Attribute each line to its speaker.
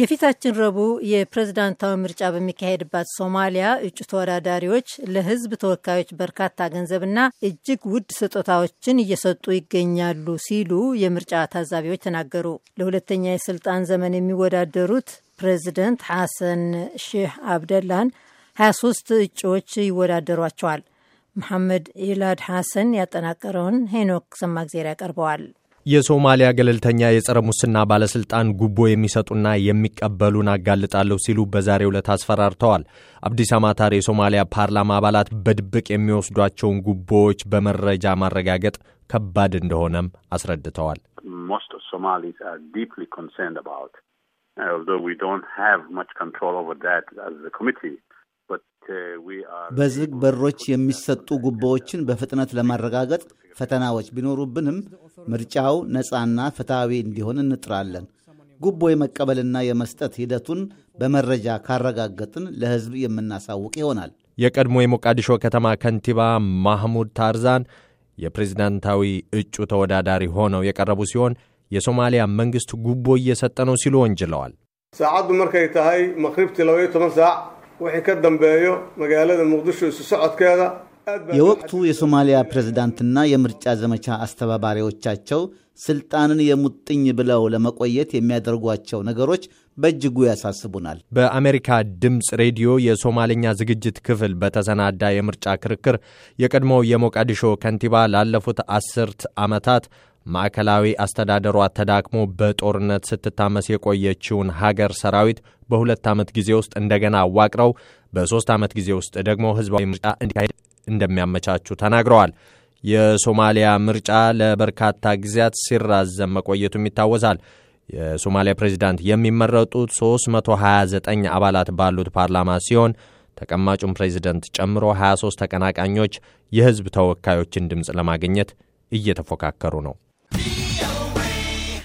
Speaker 1: የፊታችን ረቡዕ የፕሬዝዳንታዊ ምርጫ በሚካሄድባት ሶማሊያ እጩ ተወዳዳሪዎች ለሕዝብ ተወካዮች በርካታ ገንዘብና እጅግ ውድ ስጦታዎችን እየሰጡ ይገኛሉ ሲሉ የምርጫ ታዛቢዎች ተናገሩ። ለሁለተኛ የስልጣን ዘመን የሚወዳደሩት ፕሬዚደንት ሐሰን ሼህ አብደላን 23 እጩዎች ይወዳደሯቸዋል። መሐመድ ኢላድ ሐሰን ያጠናቀረውን ሄኖክ ሰማግዜር ያቀርበዋል።
Speaker 2: የሶማሊያ ገለልተኛ የጸረ ሙስና ባለስልጣን ጉቦ የሚሰጡና የሚቀበሉን አጋልጣለሁ ሲሉ በዛሬው ዕለት አስፈራርተዋል። አብዲስ አማታር የሶማሊያ ፓርላማ አባላት በድብቅ የሚወስዷቸውን ጉቦዎች በመረጃ ማረጋገጥ ከባድ እንደሆነም አስረድተዋል። ሶማሊስ Uh,
Speaker 3: በዝግ በሮች የሚሰጡ ጉቦዎችን በፍጥነት ለማረጋገጥ ፈተናዎች ቢኖሩብንም ምርጫው ነፃና ፍትሐዊ እንዲሆን እንጥራለን። ጉቦ የመቀበልና የመስጠት ሂደቱን በመረጃ ካረጋገጥን ለሕዝብ የምናሳውቅ ይሆናል።
Speaker 2: የቀድሞ የሞቃዲሾ ከተማ ከንቲባ ማህሙድ ታርዛን የፕሬዝዳንታዊ እጩ ተወዳዳሪ ሆነው የቀረቡ ሲሆን የሶማሊያ መንግሥት ጉቦ እየሰጠ ነው ሲሉ ወንጅለዋል።
Speaker 1: ሰዓቱ መርከይ ታይ መክሪብቲ ለወይ ተመሳዕ wixii ka dambeeyo magaalada muqdisho isu socodkeeda
Speaker 3: የወቅቱ የሶማሊያ ፕሬዝዳንትና የምርጫ ዘመቻ አስተባባሪዎቻቸው ስልጣንን የሙጥኝ ብለው ለመቆየት የሚያደርጓቸው ነገሮች በእጅጉ ያሳስቡናል።
Speaker 2: በአሜሪካ ድምፅ ሬዲዮ የሶማልኛ ዝግጅት ክፍል በተሰናዳ የምርጫ ክርክር የቀድሞው የሞቃዲሾ ከንቲባ ላለፉት አስርት ዓመታት ማዕከላዊ አስተዳደሯ ተዳክሞ በጦርነት ስትታመስ የቆየችውን ሀገር ሰራዊት በሁለት ዓመት ጊዜ ውስጥ እንደገና አዋቅረው በሦስት ዓመት ጊዜ ውስጥ ደግሞ ህዝባዊ ምርጫ እንዲካሄድ እንደሚያመቻቹ ተናግረዋል። የሶማሊያ ምርጫ ለበርካታ ጊዜያት ሲራዘም መቆየቱም ይታወሳል። የሶማሊያ ፕሬዚዳንት የሚመረጡት 329 አባላት ባሉት ፓርላማ ሲሆን ተቀማጩን ፕሬዚደንት ጨምሮ 23 ተቀናቃኞች የህዝብ ተወካዮችን ድምፅ ለማግኘት እየተፎካከሩ ነው።